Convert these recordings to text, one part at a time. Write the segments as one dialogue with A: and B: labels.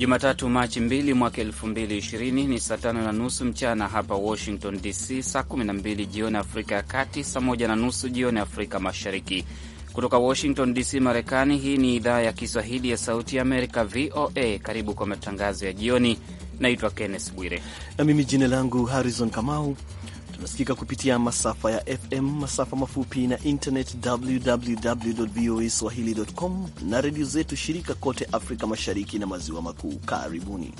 A: Jumatatu Machi 2 mwaka 2020 ni saa tano na nusu mchana hapa Washington DC, saa 12 jioni Afrika ya Kati, saa moja na nusu jioni Afrika Mashariki. Kutoka Washington DC, Marekani, hii ni idhaa ya Kiswahili ya Sauti ya Amerika, VOA. Karibu kwa matangazo ya jioni. Naitwa Kenneth Bwire
B: na mimi jina langu Harrison Kamau Tunasikika kupitia masafa ya FM, masafa mafupi na internet, www voa swahili.com na redio zetu shirika kote Afrika Mashariki na Maziwa Makuu. Karibuni.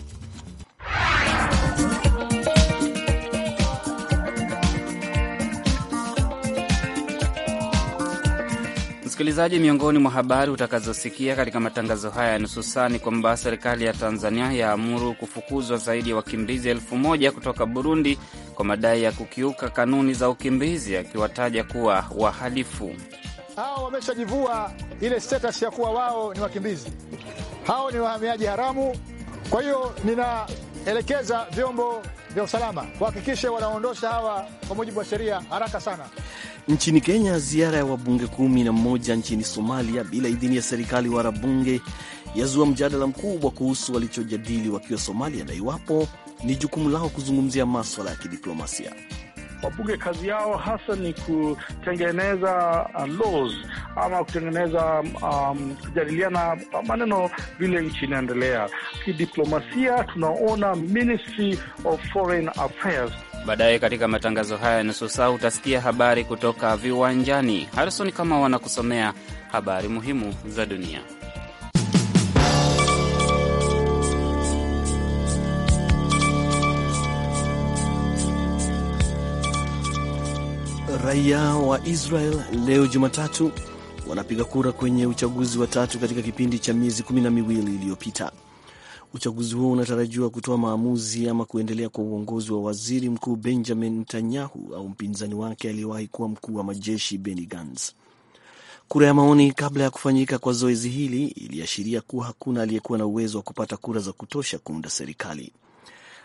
A: Msikilizaji, miongoni mwa habari utakazosikia katika matangazo haya ya nusu saa ni kwamba serikali ya Tanzania yaamuru kufukuzwa zaidi ya wakimbizi elfu moja kutoka Burundi kwa madai ya kukiuka kanuni za ukimbizi, akiwataja kuwa wahalifu.
C: Hao wameshajivua ile status ya kuwa wao ni wakimbizi, hao ni wahamiaji haramu. Kwa hiyo ninaelekeza vyombo vya usalama wahakikishe wanaondosha hawa kwa mujibu wa sheria haraka sana.
B: Nchini Kenya, ziara ya wabunge kumi na mmoja nchini Somalia bila idhini ya serikali, wala bunge yazua mjadala mkubwa kuhusu walichojadili wakiwa Somalia na iwapo ni jukumu lao kuzungumzia maswala ya kidiplomasia.
D: Wabunge kazi yao hasa ni kutengeneza uh, laws ama kutengeneza um, kujadiliana maneno vile nchi inaendelea kidiplomasia. Tunaona
E: Ministry of Foreign Affairs.
A: Baadaye katika matangazo haya nusu saa utasikia habari kutoka viwanjani. Harison kama wanakusomea habari muhimu za dunia.
B: Raia wa Israel leo Jumatatu wanapiga kura kwenye uchaguzi wa tatu katika kipindi cha miezi kumi na miwili iliyopita. Uchaguzi huo unatarajiwa kutoa maamuzi ama kuendelea kwa uongozi wa waziri mkuu Benjamin Netanyahu au mpinzani wake aliyewahi kuwa mkuu wa majeshi Benny Gantz. Kura ya maoni kabla ya kufanyika kwa zoezi hili iliashiria kuwa hakuna aliyekuwa na uwezo wa kupata kura za kutosha kuunda serikali.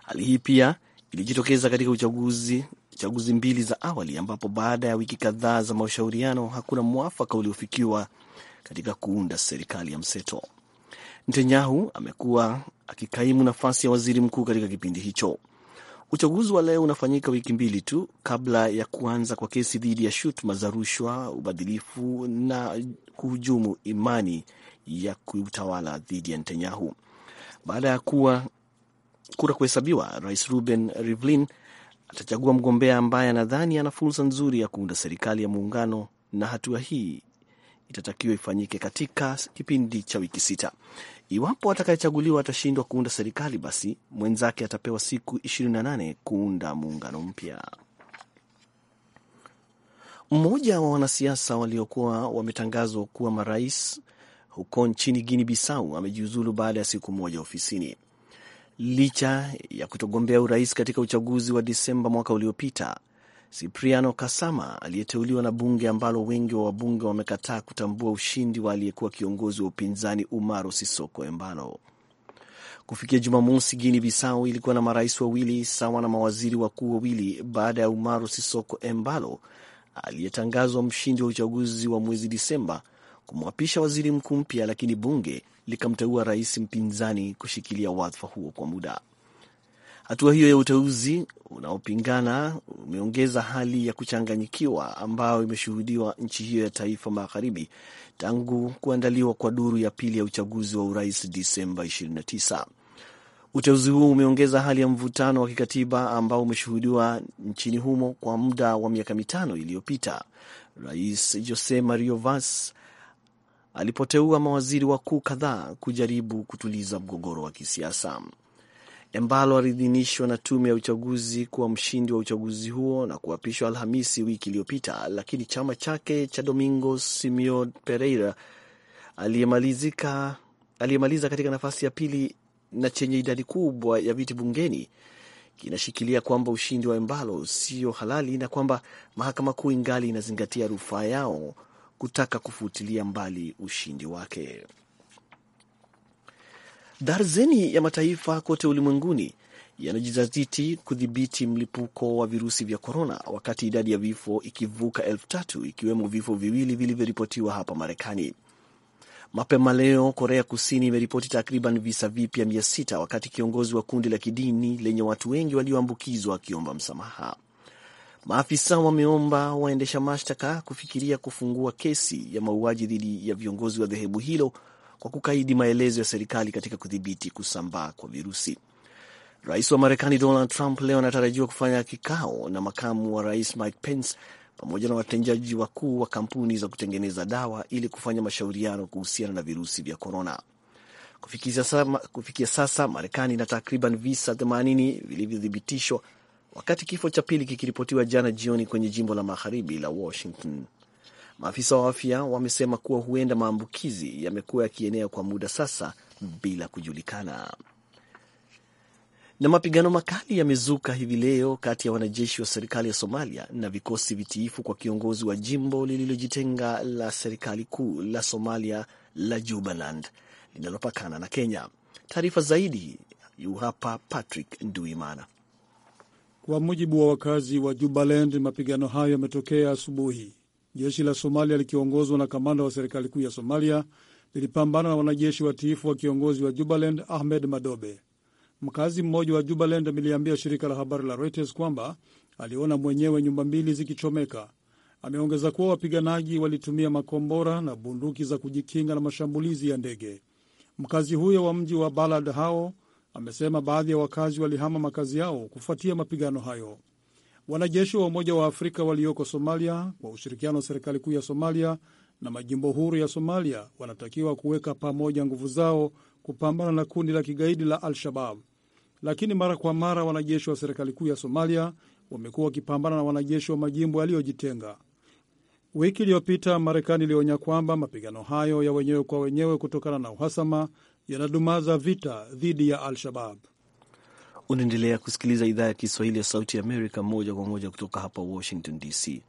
B: Hali hii pia ilijitokeza katika uchaguzi chaguzi mbili za awali ambapo baada ya wiki kadhaa za mashauriano hakuna mwafaka uliofikiwa katika kuunda serikali ya mseto. Netanyahu amekuwa akikaimu nafasi ya waziri mkuu katika kipindi hicho. Uchaguzi wa leo unafanyika wiki mbili tu kabla ya kuanza kwa kesi dhidi ya shutuma za rushwa, ubadhilifu na kuhujumu imani ya kiutawala dhidi ya Netanyahu. Baada ya kuwa kura kuhesabiwa, rais Ruben Rivlin atachagua mgombea ambaye anadhani ana fursa nzuri ya kuunda serikali ya muungano, na hatua hii itatakiwa ifanyike katika kipindi cha wiki sita. Iwapo atakayechaguliwa atashindwa kuunda serikali, basi mwenzake atapewa siku 28 kuunda muungano mpya. Mmoja wa wanasiasa waliokuwa wametangazwa kuwa marais huko nchini Guinea Bissau amejiuzulu baada ya siku moja ofisini licha ya kutogombea urais katika uchaguzi wa Disemba mwaka uliopita. Cipriano Kasama aliyeteuliwa na bunge ambalo wengi wa wabunge wamekataa kutambua ushindi wa aliyekuwa kiongozi wa upinzani Umaro Sisoko Embalo. Kufikia Jumamosi, Guini Bisau ilikuwa na marais wawili sawa na mawaziri wakuu wawili baada ya Umaro Sisoko Embalo aliyetangazwa mshindi wa uchaguzi wa mwezi Disemba kumwapisha waziri mkuu mpya, lakini bunge likamteua rais mpinzani kushikilia wadhifa huo kwa muda. Hatua hiyo ya uteuzi unaopingana umeongeza hali ya kuchanganyikiwa ambayo imeshuhudiwa nchi hiyo ya taifa magharibi tangu kuandaliwa kwa duru ya pili ya uchaguzi wa urais Disemba 29. Uteuzi huu umeongeza hali ya mvutano wa kikatiba ambao umeshuhudiwa nchini humo kwa muda wa miaka mitano iliyopita. Rais Jose Mario Vaz alipoteua mawaziri wakuu kadhaa kujaribu kutuliza mgogoro wa kisiasa. Embalo aliidhinishwa na tume ya uchaguzi kuwa mshindi wa uchaguzi huo na kuapishwa Alhamisi wiki iliyopita, lakini chama chake cha Domingo Simio Pereira aliyemaliza katika nafasi ya pili na chenye idadi kubwa ya viti bungeni kinashikilia kwamba ushindi wa Embalo sio halali na kwamba mahakama kuu ingali inazingatia rufaa yao kutaka kufutilia mbali ushindi wake. Darzeni ya mataifa kote ulimwenguni yanajizatiti kudhibiti mlipuko wa virusi vya korona, wakati idadi ya vifo ikivuka elfu tatu ikiwemo vifo viwili vilivyoripotiwa hapa Marekani. Mapema leo Korea Kusini imeripoti takriban visa vipya mia sita wakati kiongozi wa kundi la kidini lenye watu wengi walioambukizwa akiomba msamaha. Maafisa wameomba waendesha mashtaka kufikiria kufungua kesi ya mauaji dhidi ya viongozi wa dhehebu hilo kwa kukaidi maelezo ya serikali katika kudhibiti kusambaa kwa virusi. Rais wa Marekani Donald Trump leo anatarajiwa kufanya kikao na makamu wa rais Mike Pence pamoja na watendaji wakuu wa kampuni za kutengeneza dawa ili kufanya mashauriano kuhusiana na virusi vya korona. Kufikia sasa, Marekani ina takriban visa 80 vilivyothibitishwa wakati kifo cha pili kikiripotiwa jana jioni kwenye jimbo la magharibi la Washington. Maafisa wa afya wamesema kuwa huenda maambukizi yamekuwa yakienea kwa muda sasa bila kujulikana. Na mapigano makali yamezuka hivi leo kati ya wanajeshi wa serikali ya Somalia na vikosi vitiifu kwa kiongozi wa jimbo lililojitenga la serikali kuu la Somalia la Jubaland linalopakana na Kenya. Taarifa zaidi yu hapa Patrick Nduimana.
D: Kwa mujibu wa wakazi wa Jubaland, mapigano hayo yametokea asubuhi. Jeshi la Somalia likiongozwa na kamanda wa serikali kuu ya Somalia lilipambana na wanajeshi watiifu wa kiongozi wa Jubaland, Ahmed Madobe. Mkazi mmoja wa Jubaland ameliambia shirika la habari la Reuters kwamba aliona mwenyewe nyumba mbili zikichomeka. Ameongeza kuwa wapiganaji walitumia makombora na bunduki za kujikinga na mashambulizi ya ndege. Mkazi huyo wa mji wa Balad hao amesema baadhi ya wakazi walihama makazi yao kufuatia mapigano hayo. Wanajeshi wa Umoja wa Afrika walioko Somalia kwa ushirikiano wa serikali kuu ya Somalia na majimbo huru ya Somalia wanatakiwa kuweka pamoja nguvu zao kupambana na kundi la kigaidi la Al-Shabab, lakini mara kwa mara wanajeshi wa serikali kuu ya Somalia wamekuwa wakipambana na wanajeshi wa majimbo yaliyojitenga. Wiki iliyopita Marekani ilionya kwamba mapigano hayo ya wenyewe kwa wenyewe kutokana na uhasama yanadumaza vita dhidi ya Al-Shabab.
B: Unaendelea kusikiliza idhaa ya Kiswahili ya Sauti ya Amerika moja kwa moja kutoka hapa Washington DC.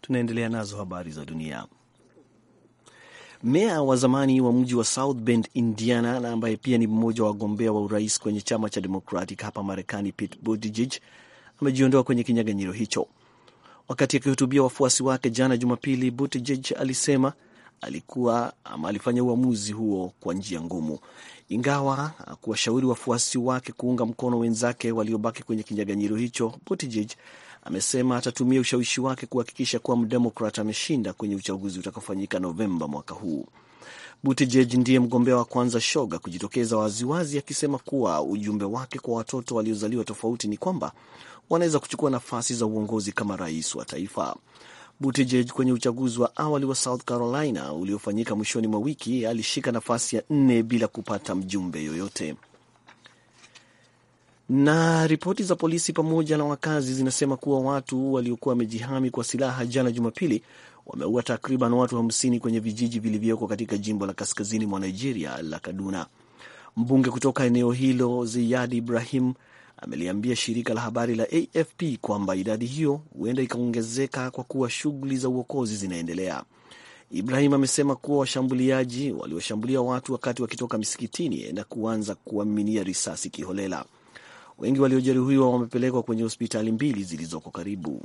B: Tunaendelea nazo habari za dunia. Meya wa zamani wa mji wa South Bend, Indiana, na ambaye pia ni mmoja wa wagombea wa urais kwenye chama cha Democratic hapa Marekani, Pete Buttigieg amejiondoa kwenye kinyang'anyiro hicho. Wakati akihutubia wafuasi wake jana Jumapili, Buttigieg alisema alikuwa ama alifanya uamuzi huo kwa njia ngumu, ingawa kuwashauri wafuasi wake kuunga mkono wenzake waliobaki kwenye kinyaganyiro hicho. Buttigieg amesema atatumia ushawishi wake kuhakikisha kuwa mdemokrat ameshinda kwenye uchaguzi utakaofanyika Novemba mwaka huu. Buttigieg ndiye mgombea wa kwanza shoga kujitokeza waziwazi, akisema kuwa ujumbe wake kwa watoto waliozaliwa tofauti ni kwamba wanaweza kuchukua nafasi za uongozi kama rais wa taifa. Buttigieg kwenye uchaguzi wa awali wa South Carolina uliofanyika mwishoni mwa wiki alishika nafasi ya nne bila kupata mjumbe yoyote. Na ripoti za polisi pamoja na wakazi zinasema kuwa watu waliokuwa wamejihami kwa silaha jana Jumapili wameua takriban watu hamsini kwenye vijiji vilivyoko katika jimbo la kaskazini mwa Nigeria la Kaduna. Mbunge kutoka eneo hilo Ziyadi Ibrahim ameliambia shirika la habari la AFP kwamba idadi hiyo huenda ikaongezeka kwa kuwa shughuli za uokozi zinaendelea. Ibrahim amesema kuwa washambuliaji waliwashambulia watu wakati wakitoka misikitini na kuanza kuwaminia risasi kiholela. Wengi waliojeruhiwa wamepelekwa kwenye hospitali mbili zilizoko karibu.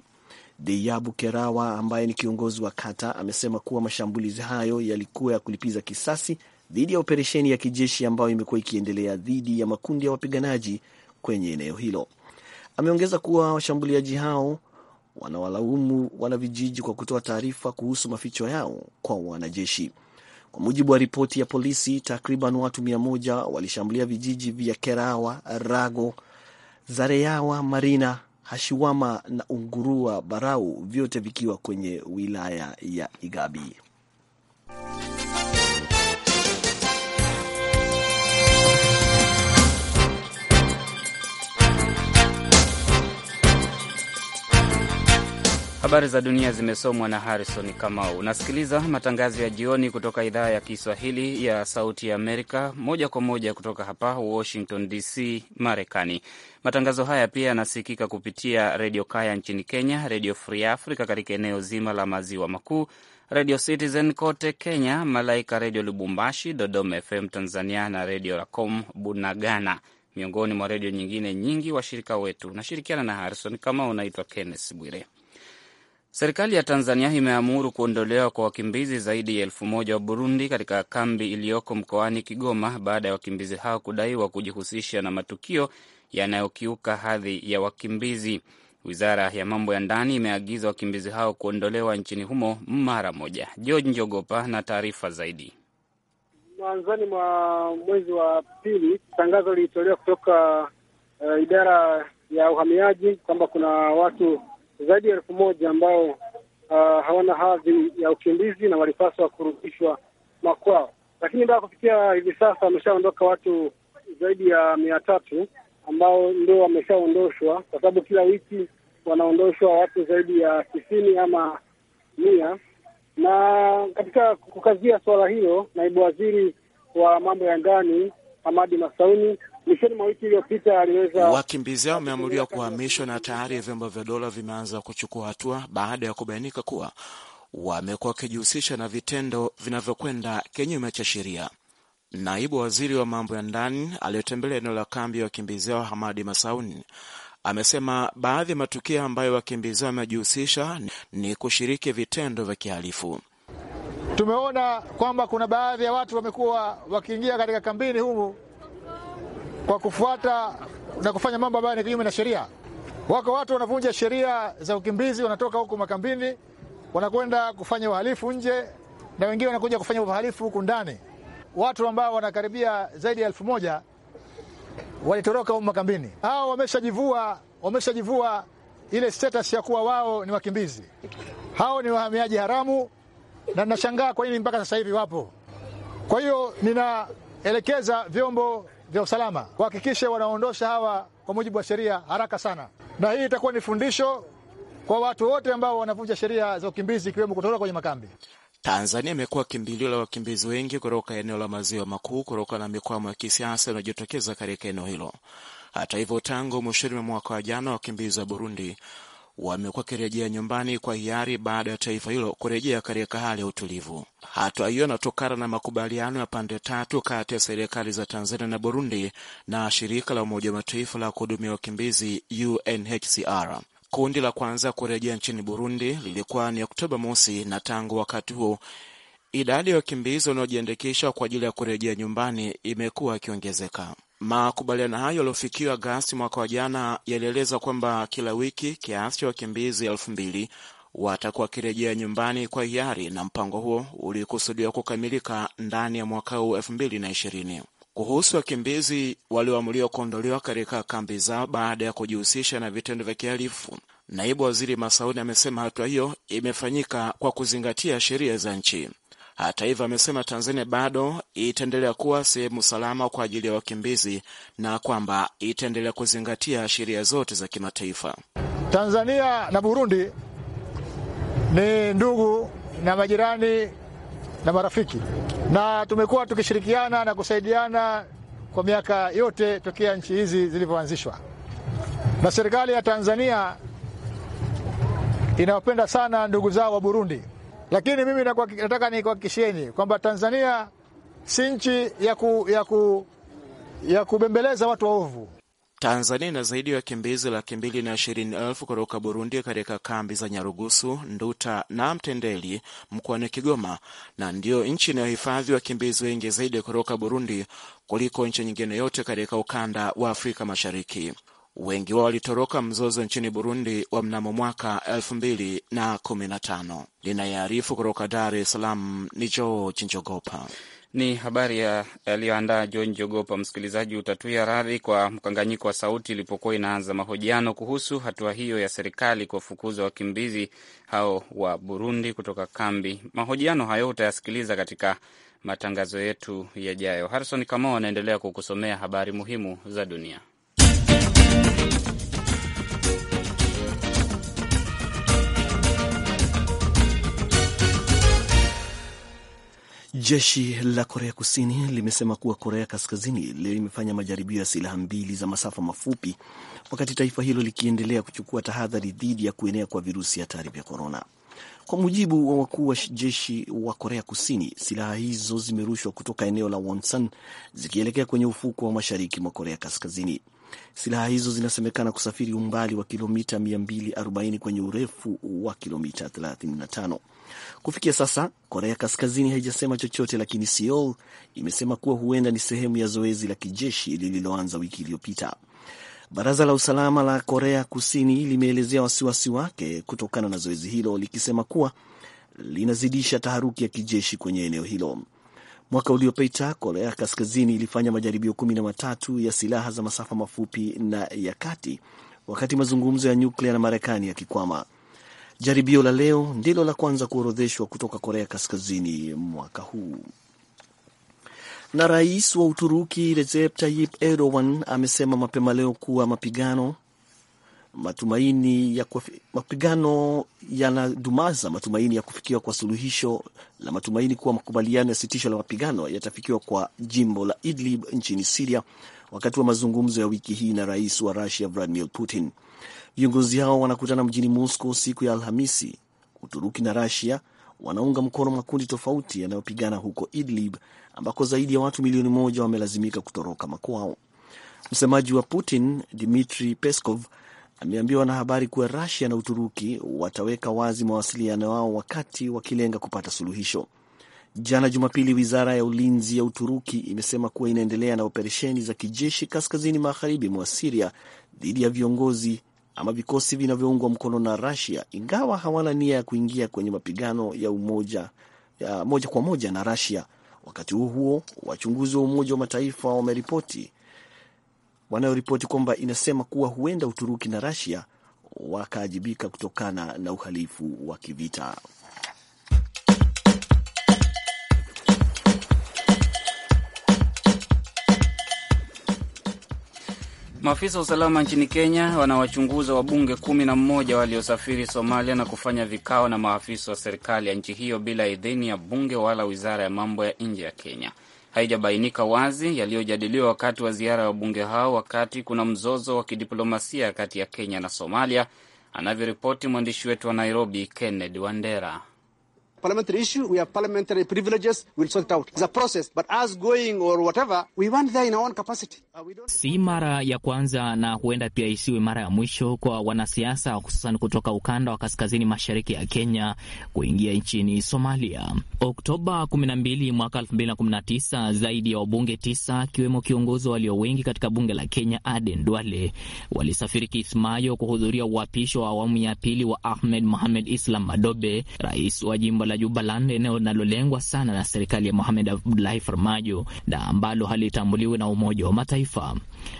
B: Deyabu Kerawa ambaye ni kiongozi wa kata amesema kuwa mashambulizi hayo yalikuwa ya kulipiza kisasi dhidi ya operesheni ya kijeshi ambayo imekuwa ikiendelea dhidi ya makundi ya wapiganaji kwenye eneo hilo. Ameongeza kuwa washambuliaji hao wanawalaumu wanavijiji kwa kutoa taarifa kuhusu maficho yao kwa wanajeshi. Kwa mujibu wa ripoti ya polisi, takriban watu mia moja walishambulia vijiji vya Kerawa, Rago, Zareyawa, Marina, Hashiwama na Ungurua Barau, vyote vikiwa kwenye wilaya ya Igabi.
A: Habari za dunia zimesomwa na Harrison Kamau. Unasikiliza matangazo ya jioni kutoka idhaa ya Kiswahili ya Sauti ya Amerika, moja kwa moja kutoka hapa Washington DC, Marekani. Matangazo haya pia yanasikika kupitia Redio Kaya nchini Kenya, Redio Free Africa katika eneo zima la Maziwa Makuu, Redio Citizen kote Kenya, Malaika Redio Lubumbashi, Dodoma FM Tanzania na Redio Racom Bunagana, miongoni mwa redio nyingine nyingi washirika wetu. Nashirikiana na Harrison Kamau. Unaitwa Kenneth Bwire. Serikali ya Tanzania imeamuru kuondolewa kwa wakimbizi zaidi ya elfu moja wa Burundi katika kambi iliyoko mkoani Kigoma baada ya wakimbizi hao kudaiwa kujihusisha na matukio yanayokiuka hadhi ya wakimbizi. Wizara ya mambo ya ndani imeagiza wakimbizi hao kuondolewa nchini humo mara moja. George Njogopa na taarifa zaidi.
D: Mwanzoni mwa mwezi wa pili, tangazo lilitolewa kutoka uh, idara ya uhamiaji kwamba kuna watu zaidi ya elfu moja ambao uh, hawana hadhi ya ukimbizi na walipaswa kurudishwa makwao, lakini mpaka kufikia hivi sasa wameshaondoka watu zaidi ya mia tatu ambao ndio wameshaondoshwa, kwa sababu kila wiki wanaondoshwa watu zaidi ya tisini ama mia. Na katika kukazia suala hilo, naibu waziri wa mambo ya ndani Hamadi Masauni mwishoni mwa wiki iliyopita aliweza.
F: Wakimbizi hao wameamuriwa kuhamishwa na tayari vyombo vya dola vimeanza kuchukua hatua baada ya kubainika kuwa wamekuwa wakijihusisha na vitendo vinavyokwenda kinyume cha sheria. Naibu waziri wa mambo ya ndani aliyotembelea eneo la kambi ya wakimbizi hao Hamadi Masauni amesema baadhi ya matukio ambayo wakimbizi wamejihusisha ni kushiriki vitendo vya kihalifu.
C: Tumeona kwamba kuna baadhi ya watu wamekuwa wakiingia katika kambini humu kwa kufuata na kufanya mambo ambayo ni kinyume na sheria. Wako watu wanavunja sheria za ukimbizi, wanatoka huku makambini, wanakwenda kufanya uhalifu nje, na wengine wanakuja kufanya uhalifu huku ndani. Watu ambao wanakaribia zaidi ya elfu moja walitoroka huku makambini, hao wameshajivua, wameshajivua ile status ya kuwa wao ni wakimbizi. Hao ni wahamiaji haramu, na ninashangaa kwa nini mpaka sasa hivi wapo. Kwa hiyo ninaelekeza vyombo vya usalama wahakikishe wanaondosha hawa kwa mujibu wa sheria haraka sana, na hii itakuwa ni fundisho kwa watu wote ambao wanavunja sheria za ukimbizi ikiwemo kutoroka kwenye makambi.
F: Tanzania imekuwa kimbilio la wakimbizi wengi kutoka eneo la maziwa makuu kutokana na mikwamo ya kisiasa inayojitokeza katika eneo hilo. Hata hivyo, tangu mwishoni mwa mwaka wa jana wakimbizi wa Burundi wamekuwa wakirejea nyumbani kwa hiari baada ya taifa hilo kurejea katika hali ya utulivu. Hatua hiyo inatokana na makubaliano ya pande tatu kati ya serikali za Tanzania na Burundi na shirika la Umoja wa Mataifa la kuhudumia wakimbizi UNHCR. Kundi la kwanza kurejea nchini Burundi lilikuwa ni Oktoba mosi, na tangu wakati huo idadi ya wakimbizi wanaojiandikisha kwa ajili ya kurejea nyumbani imekuwa ikiongezeka. Makubaliano hayo yaliyofikiwa Agasti mwaka wa jana yalieleza kwamba kila wiki kiasi cha wakimbizi elfu mbili watakuwa wakirejea nyumbani kwa hiari, na mpango huo ulikusudiwa kukamilika ndani ya mwaka huu elfu mbili na ishirini. Kuhusu wakimbizi walioamuliwa kuondolewa katika kambi zao baada ya kujihusisha na vitendo vya kihalifu, naibu waziri Masauni amesema hatua hiyo imefanyika kwa kuzingatia sheria za nchi. Hata hivyo, amesema Tanzania bado itaendelea kuwa sehemu salama kwa ajili ya wakimbizi na kwamba itaendelea kuzingatia sheria zote za kimataifa.
C: Tanzania na Burundi ni ndugu na majirani na marafiki, na tumekuwa tukishirikiana na kusaidiana kwa miaka yote tokea nchi hizi zilivyoanzishwa, na serikali ya Tanzania inawapenda sana ndugu zao wa Burundi. Lakini mimi nataka nikuhakikishieni kwamba Tanzania si nchi ya, ku, ya, ku, ya kubembeleza watu waovu.
F: Tanzania ina zaidi ya wakimbizi laki mbili na ishirini elfu kutoka Burundi katika kambi za Nyarugusu, Nduta na Mtendeli mkoani Kigoma, na ndiyo nchi inayohifadhi wakimbizi wengi zaidi kutoka Burundi kuliko nchi nyingine yote katika ukanda wa Afrika Mashariki. Wengi wao walitoroka mzozo nchini Burundi wa mnamo mwaka 215 Linayearifu kutoka Dar es Salaam ni George Njogopa.
A: Ni habari yaliyoandaa John Jogopa. Msikilizaji, utatuia radhi kwa mkanganyiko wa sauti ilipokuwa inaanza mahojiano kuhusu hatua hiyo ya serikali kuwafukuza wakimbizi hao wa Burundi kutoka kambi. Mahojiano hayo utayasikiliza katika matangazo yetu yajayo. Harison Kamao anaendelea kukusomea habari muhimu za dunia.
B: Jeshi la Korea Kusini limesema kuwa Korea Kaskazini limefanya majaribio ya silaha mbili za masafa mafupi, wakati taifa hilo likiendelea kuchukua tahadhari dhidi ya kuenea kwa virusi hatari vya korona. Kwa mujibu wa wakuu wa jeshi wa Korea Kusini, silaha hizo zimerushwa kutoka eneo la Wonsan zikielekea kwenye ufuko wa mashariki mwa Korea Kaskazini. Silaha hizo zinasemekana kusafiri umbali wa kilomita 240 kwenye urefu wa kilomita 35. Kufikia sasa, Korea Kaskazini haijasema chochote, lakini Seoul imesema kuwa huenda ni sehemu ya zoezi la kijeshi lililoanza wiki iliyopita. Baraza la usalama la Korea Kusini limeelezea wasiwasi wake kutokana na zoezi hilo, likisema kuwa linazidisha taharuki ya kijeshi kwenye eneo hilo. Mwaka uliopita Korea Kaskazini ilifanya majaribio kumi na matatu ya silaha za masafa mafupi na ya kati, wakati mazungumzo ya nyuklia na Marekani yakikwama. Jaribio la leo ndilo la kwanza kuorodheshwa kutoka Korea Kaskazini mwaka huu. Na rais wa Uturuki Recep Tayyip Erdogan amesema mapema leo kuwa mapigano matumaini ya kufi, mapigano yanadumaza matumaini ya kufikiwa kwa suluhisho la matumaini kuwa makubaliano ya sitisho la mapigano yatafikiwa kwa jimbo la Idlib nchini Siria wakati wa mazungumzo ya wiki hii na rais wa Rusia Vladimir Putin. Viongozi hao wanakutana mjini Moscow siku ya Alhamisi. Uturuki na Rusia wanaunga mkono makundi tofauti yanayopigana huko Idlib ambako zaidi ya watu milioni moja wamelazimika kutoroka makwao. Msemaji wa Putin Dmitri Peskov ameambia wanahabari kuwa rasia na Uturuki wataweka wazi mawasiliano yao wakati wakilenga kupata suluhisho. Jana Jumapili, wizara ya ulinzi ya Uturuki imesema kuwa inaendelea na operesheni za kijeshi kaskazini magharibi mwa Siria dhidi ya viongozi ama vikosi vinavyoungwa mkono na rasia ingawa hawana nia ya kuingia kwenye mapigano ya umoja ya moja kwa moja na rasia Wakati huo huo, wachunguzi wa Umoja wa Mataifa wameripoti wanayoripoti kwamba inasema kuwa huenda Uturuki na Rasia wakaajibika kutokana na uhalifu wa kivita.
A: Maafisa wa usalama nchini Kenya wanawachunguza wabunge kumi na mmoja waliosafiri Somalia na kufanya vikao na maafisa wa serikali ya nchi hiyo bila idhini ya bunge wala wizara ya mambo ya nje ya Kenya haijabainika wazi yaliyojadiliwa wakati wa ziara ya wabunge hao, wakati kuna mzozo wa kidiplomasia kati ya Kenya na Somalia, anavyoripoti mwandishi wetu wa Nairobi, Kenneth Wandera
E: parliamentary issue, we have parliamentary privileges, we'll sort it out. It's a process, but us going or whatever, we want there in our own capacity. Uh, we
G: don't... Si mara ya kwanza na huenda pia isiwe mara ya mwisho kwa wanasiasa hususan kutoka ukanda wa kaskazini mashariki ya Kenya kuingia nchini Somalia. Oktoba 12 mwaka 2019, zaidi ya wabunge tisa akiwemo kiongozi walio wengi katika bunge la Kenya Aden Duale walisafiri Kismayo kuhudhuria uapisho wa awamu ya pili wa Ahmed Mohamed Islam Madobe, rais wa jimbo la Jubaland, eneo linalolengwa sana na serikali ya Mohamed Abdullahi Farmajo na ambalo halitambuliwi na Umoja wa Mataifa,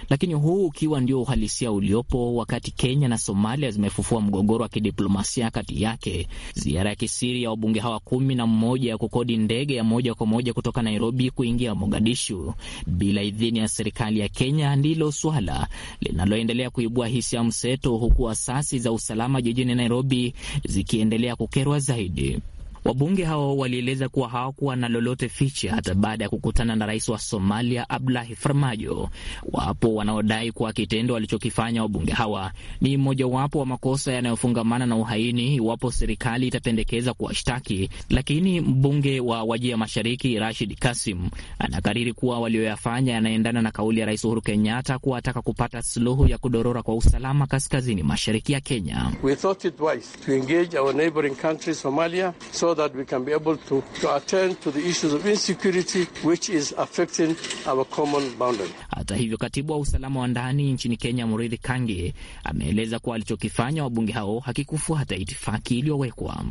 G: lakini huu ukiwa ndio uhalisia uliopo wakati Kenya na Somalia zimefufua mgogoro wa kidiplomasia kati yake. Ziara ya kisiri ya wabunge hawa kumi na mmoja ya kukodi ndege ya moja kwa moja kutoka Nairobi kuingia Mogadishu bila idhini ya serikali ya Kenya ndilo swala linaloendelea kuibua hisia mseto, huku asasi za usalama jijini Nairobi zikiendelea kukerwa zaidi. Wabunge hao walieleza kuwa hawakuwa na lolote ficha hata baada ya kukutana na rais wa Somalia abdulahi Farmajo. Wapo wanaodai kuwa kitendo walichokifanya wabunge hawa ni mmojawapo wa makosa yanayofungamana na uhaini iwapo serikali itapendekeza kuwashtaki, lakini mbunge wa Wajia Mashariki Rashid Kasim anakariri kuwa walioyafanya yanaendana na kauli ya Rais Uhuru Kenyatta kuwa ataka kupata suluhu ya kudorora kwa usalama kaskazini mashariki ya Kenya.
E: We that we can be able to, to attend to the issues of insecurity which is affecting our common boundary.
G: Hata hivyo, katibu wa usalama wa ndani nchini Kenya Murithi Kangi ameeleza kuwa alichokifanya wabunge hao hakikufuata itifaki iliyowekwa.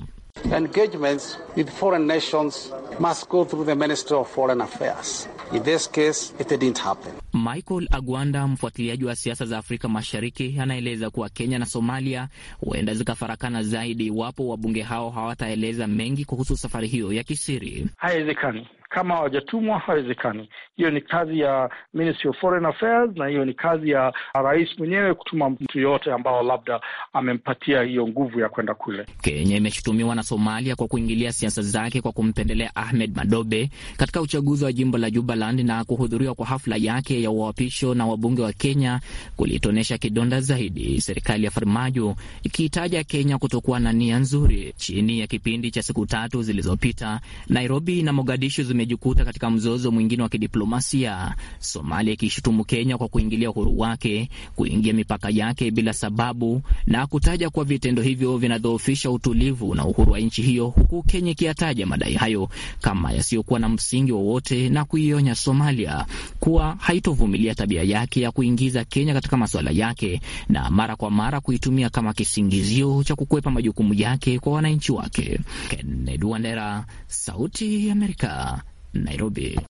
E: Engagements with foreign nations must go through the Minister of Foreign Affairs. In this case, it didn't happen.
G: Michael Agwanda, mfuatiliaji wa siasa za Afrika Mashariki, anaeleza kuwa Kenya na Somalia huenda zikafarakana zaidi iwapo wabunge hao hawataeleza mengi kuhusu safari hiyo ya kisiri.
E: Haiwezekani kama hawajatumwa haiwezekani.
D: Hiyo ni kazi ya Ministry of Foreign Affairs na hiyo ni kazi ya rais mwenyewe kutuma mtu yoyote ambao labda amempatia hiyo nguvu ya kwenda kule.
G: Kenya imeshutumiwa na Somalia kwa kuingilia siasa zake kwa kumpendelea Ahmed Madobe katika uchaguzi wa jimbo la Jubaland, na kuhudhuriwa kwa hafla yake ya uapisho na wabunge wa Kenya kulitonesha kidonda zaidi, serikali ya Farmajo ikiitaja Kenya kutokuwa na nia nzuri. Chini ya kipindi cha siku tatu zilizopita, Nairobi na Mogadishu imejikuta katika mzozo mwingine wa kidiplomasia, Somalia ikishutumu Kenya kwa kuingilia uhuru wake, kuingia mipaka yake bila sababu, na kutaja kuwa vitendo hivyo vinadhoofisha utulivu na uhuru wa nchi hiyo, huku Kenya ikiyataja madai hayo kama yasiyokuwa na msingi wowote na kuionya Somalia kuwa haitovumilia tabia yake ya kuingiza Kenya katika masuala yake na mara kwa mara kuitumia kama kisingizio cha kukwepa majukumu yake kwa wananchi wake. Kennedy Wandera, Sauti ya Amerika, Nairobi.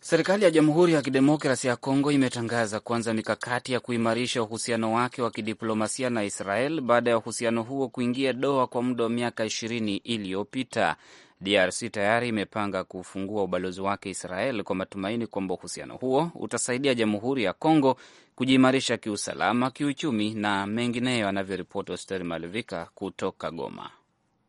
A: Serikali ya Jamhuri ya Kidemokrasi ya Kongo imetangaza kuanza mikakati ya kuimarisha uhusiano wake wa kidiplomasia na Israel baada ya uhusiano huo kuingia doa kwa muda wa miaka ishirini iliyopita. DRC tayari imepanga kufungua ubalozi wake Israel kwa matumaini kwamba uhusiano huo utasaidia Jamhuri ya Kongo kujiimarisha kiusalama, kiuchumi na mengineyo, anavyoripoti Osteri Malivika kutoka Goma.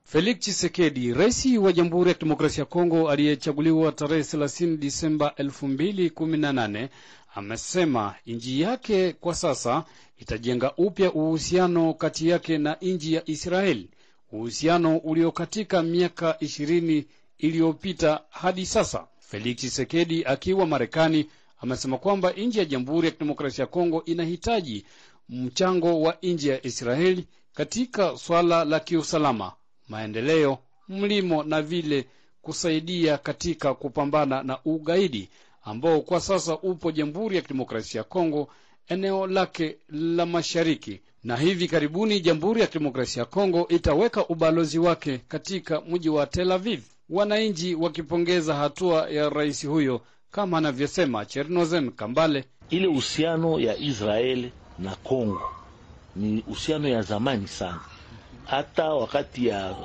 E: Felix chisekedi rais wa Jamhuri ya Kidemokrasia ya Kongo aliyechaguliwa tarehe 30 Disemba 2018, amesema nchi yake kwa sasa itajenga upya uhusiano kati yake na nchi ya Israeli, uhusiano uliokatika miaka ishirini iliyopita hadi sasa. Felix chisekedi akiwa Marekani amesema kwamba nchi ya Jamhuri ya Kidemokrasia ya Kongo inahitaji mchango wa nchi ya Israeli katika swala la kiusalama maendeleo, mlimo na vile kusaidia katika kupambana na ugaidi ambao kwa sasa upo Jamhuri ya Kidemokrasia ya Kongo eneo lake la mashariki. Na hivi karibuni Jamhuri ya Kidemokrasia ya Kongo itaweka ubalozi wake katika mji wa Tel Aviv, wananchi wakipongeza hatua ya rais huyo, kama anavyosema Chernozen Kambale. Ile uhusiano ya Israeli na Kongo ni uhusiano ya zamani sana hata wakati ya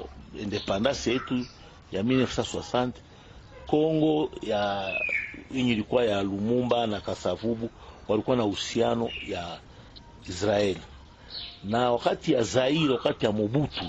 E: independence
B: yetu ya 1960 Kongo ya yenye ilikuwa ya Lumumba na Kasavubu walikuwa na uhusiano ya Israeli,
H: na wakati ya Zaire, wakati ya Mobutu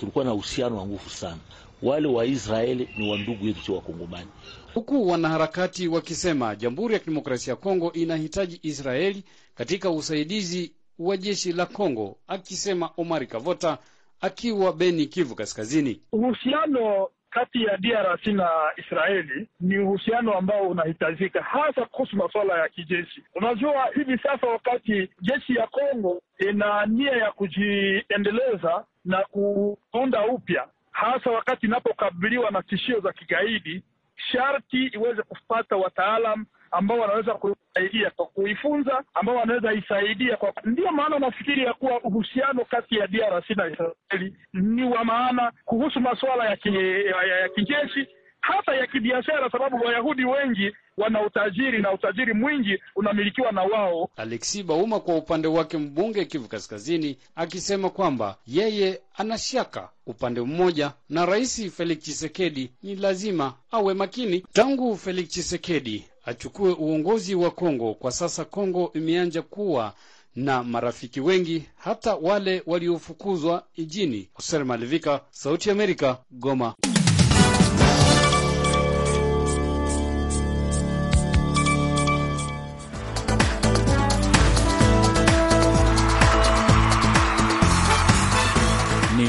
H: tulikuwa na uhusiano wa nguvu sana.
E: Wale wa Israeli ni wa ndugu yetu wa Kongomani, huku wanaharakati wakisema Jamhuri ya Kidemokrasia ya Kongo inahitaji Israeli katika usaidizi wa jeshi la Kongo, akisema Omar Kavota akiwa Beni, Kivu Kaskazini. Uhusiano kati ya DRC na Israeli ni uhusiano ambao unahitajika
D: hasa kuhusu masuala ya kijeshi. Unajua, hivi sasa wakati jeshi ya Kongo ina nia ya kujiendeleza na kuunda upya, hasa wakati inapokabiliwa na tishio za kigaidi, sharti iweze kupata wataalam ambao wanaweza kusaidia kwa kuifunza, ambao wanaweza isaidia kwa. Ndiyo maana nafikiri ya kuwa uhusiano kati ya DRC na Israeli ni wa maana kuhusu masuala ya, ki, ya, ya, ya kijeshi hata ya kibiashara, sababu Wayahudi wengi wana
E: utajiri na utajiri mwingi unamilikiwa na wao. Alexi Bauma kwa upande wake, mbunge Kivu Kaskazini, akisema kwamba yeye anashaka upande mmoja na Rais Felix chisekedi ni lazima awe makini. Tangu Felix Chisekedi achukue uongozi wa Kongo. Kwa sasa Kongo imeanja kuwa na marafiki wengi, hata wale waliofukuzwa nchini. Hoser Malivika, Sauti ya Amerika, Goma.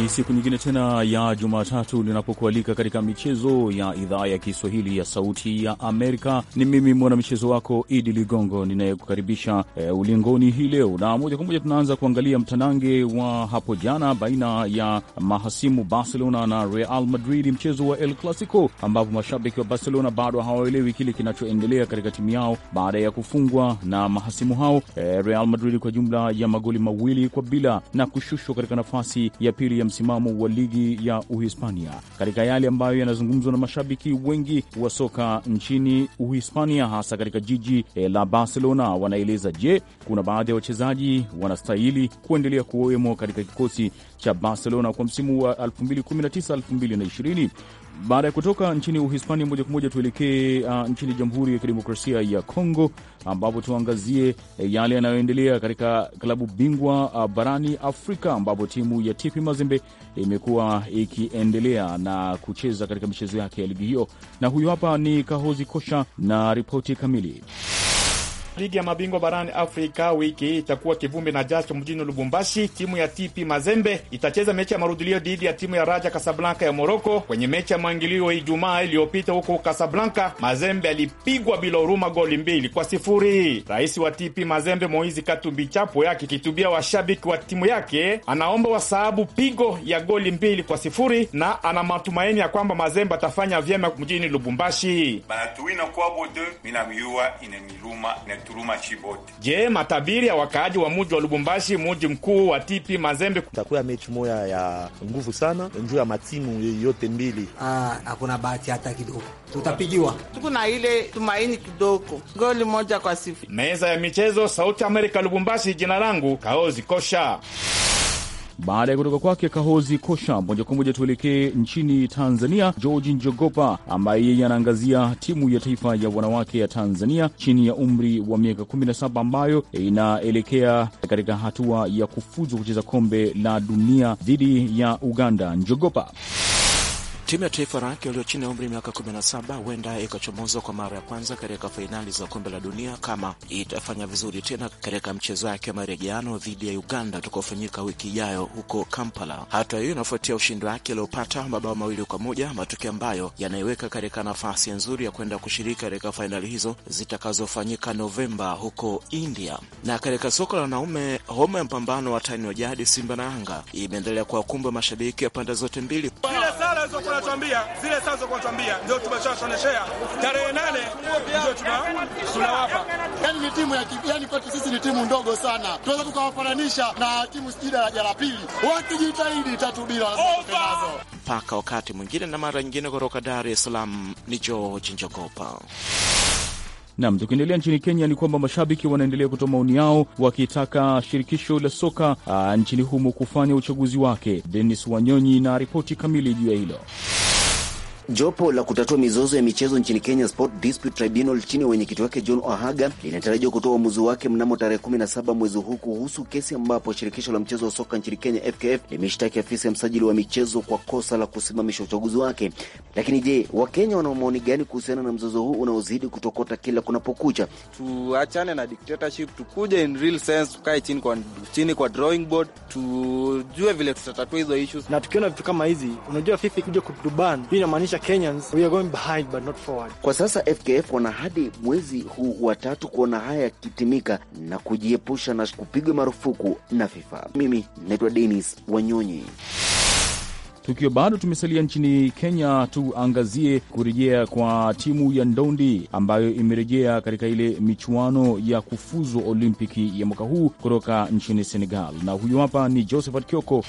H: siku nyingine tena ya Jumatatu linapokualika katika michezo ya idhaa ya Kiswahili ya Sauti ya Amerika. Ni mimi mwanamichezo wako Idi Ligongo ninayekukaribisha e, ulingoni hii leo, na moja kwa moja tunaanza kuangalia mtanange wa hapo jana baina ya mahasimu Barcelona na Real Madrid, mchezo wa El Clasico, ambapo mashabiki wa Barcelona bado hawaelewi kile kinachoendelea katika timu yao baada ya kufungwa na mahasimu hao e, Real Madrid kwa jumla ya magoli mawili kwa bila na kushushwa katika nafasi ya pili ya msimamo wa ligi ya Uhispania katika yale ambayo yanazungumzwa na mashabiki wengi wa soka nchini Uhispania, hasa katika jiji eh, la Barcelona. Wanaeleza, je, kuna baadhi ya wachezaji wanastahili kuendelea kuwemo katika kikosi cha Barcelona kwa msimu wa 2019 2020? Baada ya kutoka nchini Uhispania moja kwa moja tuelekee uh, nchini Jamhuri ya Kidemokrasia ya Kongo ambapo tuangazie eh, yale yanayoendelea katika klabu bingwa uh, barani Afrika ambapo timu ya TP Mazembe imekuwa eh, ikiendelea na kucheza katika michezo yake ya ligi hiyo, na huyu hapa ni Kahozi Kosha na ripoti kamili. Ligi ya mabingwa barani Afrika wiki hii itakuwa kivumbi na jasho mjini Lubumbashi. Timu ya TP Mazembe itacheza mechi ya marudhulio dhidi ya timu ya Raja Kasablanka ya Moroko. Kwenye mechi ya maingilio Ijumaa iliyopita huko Kasablanka, Mazembe alipigwa bila huruma goli mbili kwa sifuri. Rais wa TP Mazembe Moizi Katumbi Chapo yake kitubia washabiki wa timu yake, anaomba wasahabu pigo ya goli mbili kwa sifuri na ana matumaini ya kwamba Mazembe atafanya vyema mjini Lubumbashi. Tulumachi Chibote. Je, matabiri ya wakaaji wa muji wa Lubumbashi, muji mkuu wa tipi Mazembe? Kutakuwa mechi moya ya nguvu sana njuu ya matimu yote
G: mbili. Ah, hakuna bahati hata kidogo, tutapigiwa.
C: Tuko na ile tumaini kidogo,
H: goli moja kwa sifuri. Meza ya michezo, Sauti Amerika, Lubumbashi. Jina langu Kaozi Kosha. Baada ya kutoka kwake Kahozi Kosha, moja kwa moja tuelekee nchini Tanzania. George Njogopa ambaye yeye anaangazia timu ya taifa ya wanawake ya Tanzania chini ya umri wa miaka 17 ambayo inaelekea katika hatua ya kufuzu kucheza kombe la dunia dhidi ya Uganda. Njogopa
F: Timu ya taifa Iraq walio chini ya umri
H: miaka 17 huenda ikachomoza kwa mara ya kwanza katika fainali
F: za kombe la dunia kama itafanya vizuri tena katika mchezo wake wa marejeano dhidi ya Uganda utakaofanyika wiki ijayo huko Kampala. Hatua hiyo inafuatia ushindi wake aliopata mabao mawili kwa moja, matokeo ambayo yanaiweka katika nafasi nzuri ya kwenda kushiriki katika fainali hizo zitakazofanyika Novemba huko India. Na katika soko la wanaume, homa ya mpambano wa tani wa jadi Simba na Yanga imeendelea kuwakumba mashabiki ya pande zote mbili
D: wanatuambia zile saa za kuwatwambia ndio tumeshashoneshea tarehe nane ndio
C: tunawapa. Yani ni timu ya yani, kwetu sisi ni timu ndogo sana, tunaweza tukawafananisha na timu sijui daraja la pili. Wakijitahidi tatu bila
F: mpaka wakati mwingine na mara nyingine. Kutoka Dar es Salaam ni George Njogopa.
H: Nam, tukiendelea nchini Kenya ni kwamba mashabiki wanaendelea kutoa maoni yao wakitaka shirikisho la soka ah, nchini humo kufanya uchaguzi wake. Denis Wanyonyi na ripoti kamili juu ya hilo.
B: Jopo la kutatua mizozo ya michezo nchini Kenya, Sport Dispute Tribunal, chini ya wenyekiti wake John Ohaga, linatarajiwa kutoa uamuzi wake mnamo tarehe 17 mwezi huu kuhusu kesi ambapo shirikisho la mchezo wa soka nchini Kenya, FKF, limeshtaki afisa ya msajili wa michezo kwa kosa la kusimamisha uchaguzi wake. Lakini je, Wakenya wana maoni gani kuhusiana na mzozo huu unaozidi kutokota kila kunapokucha?
A: Tuachane na dictatorship, tukuje in real sense, tukae chini kwa, chini kwa drawing board, tujue vile tutatatua hizo issues.
D: Na tukiona vitu kama hizi, unajua FIFA kuja kutuban hii inamaanisha Kenyans, we are going behind but not forward.
F: Kwa
B: sasa FKF wana hadi mwezi huu wa tatu kuona haya yakitimika na kujiepusha na kupigwa marufuku na FIFA. Mimi naitwa Dennis Wanyonyi.
H: Tukiwa bado tumesalia nchini Kenya, tuangazie kurejea kwa timu ya ndondi ambayo imerejea katika ile michuano ya kufuzu Olimpiki ya mwaka huu kutoka nchini Senegal, na huyu hapa ni Josephat Kioko.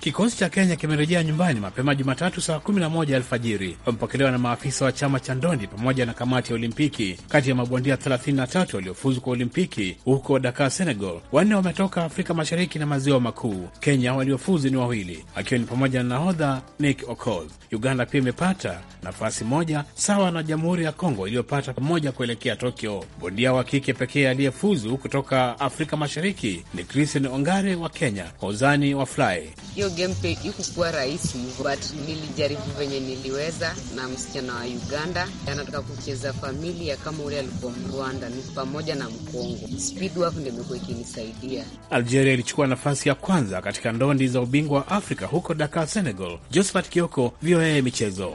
E: Kikosi cha Kenya kimerejea nyumbani mapema Jumatatu
H: saa 11 alfajiri. Wamepokelewa na maafisa wa chama cha ndondi pamoja na kamati ya Olimpiki. Kati ya mabondia 33 waliofuzu kwa Olimpiki huko Dakar, Senegal, wanne wametoka Afrika Mashariki na Maziwa Makuu. Kenya waliofuzu ni wawili, akiwa ni pamoja na nahodha Nick Okoth. Uganda pia imepata nafasi moja sawa na Jamhuri ya Kongo iliyopata pamoja kuelekea Tokyo. Bondia wa kike pekee aliyefuzu kutoka Afrika Mashariki ni Christian Ongare wa Kenya, Ozani wa Fly
G: hiyo game ikukuwa rahisi hivyo, but nilijaribu venye niliweza na msichana wa Uganda anataka kucheza familia kama ule alikuwa Mrwanda, ni pamoja na Mkongo. Speed work ndio imekuwa ikinisaidia.
H: Algeria ilichukua nafasi ya kwanza katika ndondi za ubingwa wa Afrika huko Dakar, Senegal. Josephat Kioko, VOA Michezo.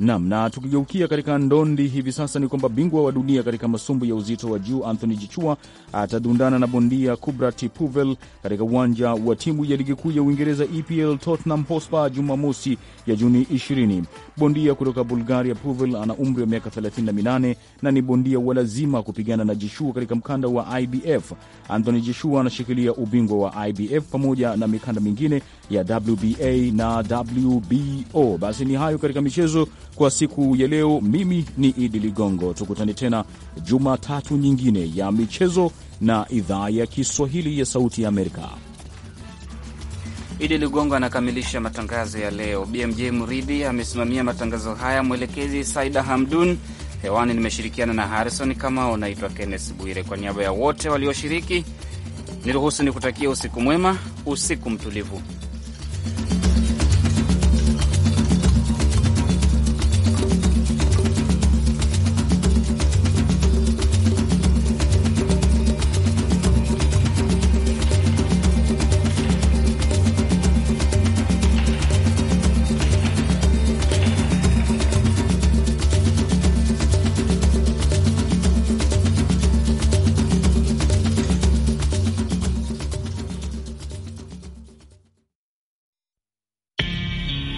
H: Naam, na tukigeukia katika ndondi hivi sasa ni kwamba bingwa wa dunia katika masumbu ya uzito wa juu Anthony Jichua atadundana na bondia Kubrat Puvel katika uwanja wa timu ya ligi kuu ya Uingereza EPL Tottenham Hotspur Jumamosi ya Juni 20. Bondia kutoka Bulgaria Puvel ana umri wa miaka 38 na ni bondia wa lazima kupigana na Jishua katika mkanda wa IBF. Anthony Jishua anashikilia ubingwa wa IBF pamoja na mikanda mingine ya WBA na WBO. Basi ni hayo katika michezo kwa siku ya leo. Mimi ni Idi Ligongo, tukutane tena Jumatatu nyingine ya michezo na idhaa ya Kiswahili ya Sauti ya Amerika.
A: Idi Ligongo anakamilisha matangazo ya leo. BMJ Muridhi amesimamia matangazo haya, mwelekezi Saida Hamdun. Hewani nimeshirikiana na Harrison kamao Naitwa Kenneth Bwire. Kwa niaba ya wote walioshiriki, niruhusu nikutakia usiku mwema, usiku mtulivu.